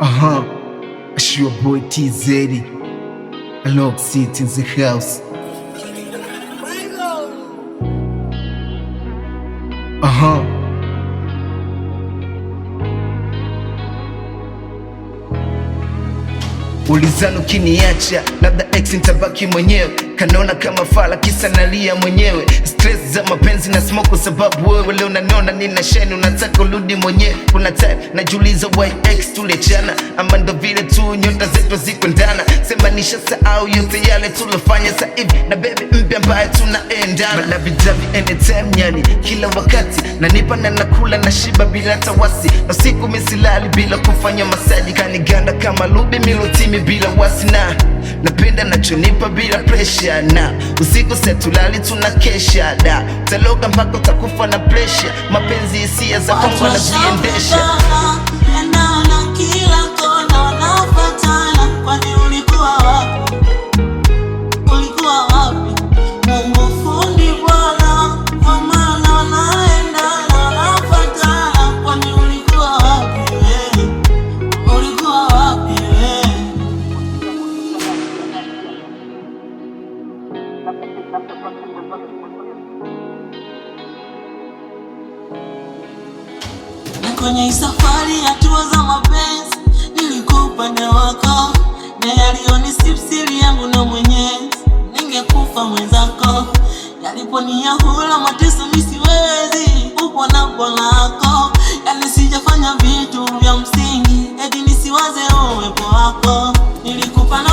Uh-huh. It's your boy TZ. Alox it in the house. Uh-huh. Ulizano kiniacha, labda ex nitabaki mwenyewe kanona kama fala, kisa nalia mwenyewe, stress za mapenzi na smoke, kwa sababu wewe leo nanona nina sheni, unataka urudi mwenyewe. Kuna time najiuliza why ex tulechana ama ndo vile tu nyota zetu zikwendana sema nisha sahau yote yale tulofanya, sasa hivi na baby ambaye tunaendana malavijavi anytime yani kila wakati nanipa na nakula na shiba bila tawasi na siku misilali bila kufanya masaji kaniganda kama lubi milotimi bila wasi na napenda nachonipa bila presha na usiku setulali tunakesha da taloga mpaka utakufa na presha mapenzi hisia na ziendesha Na kwenye safari hatua za mapenzi, nilikuwa upande wako, na yaliyonisip siri yangu na Mwenyezi, ningekufa mwenzako. Yaliponia hula mateso misiwezi, upo na yani sijafanya vitu vya msingi, edi nisiwaze uwepo wako nilikupa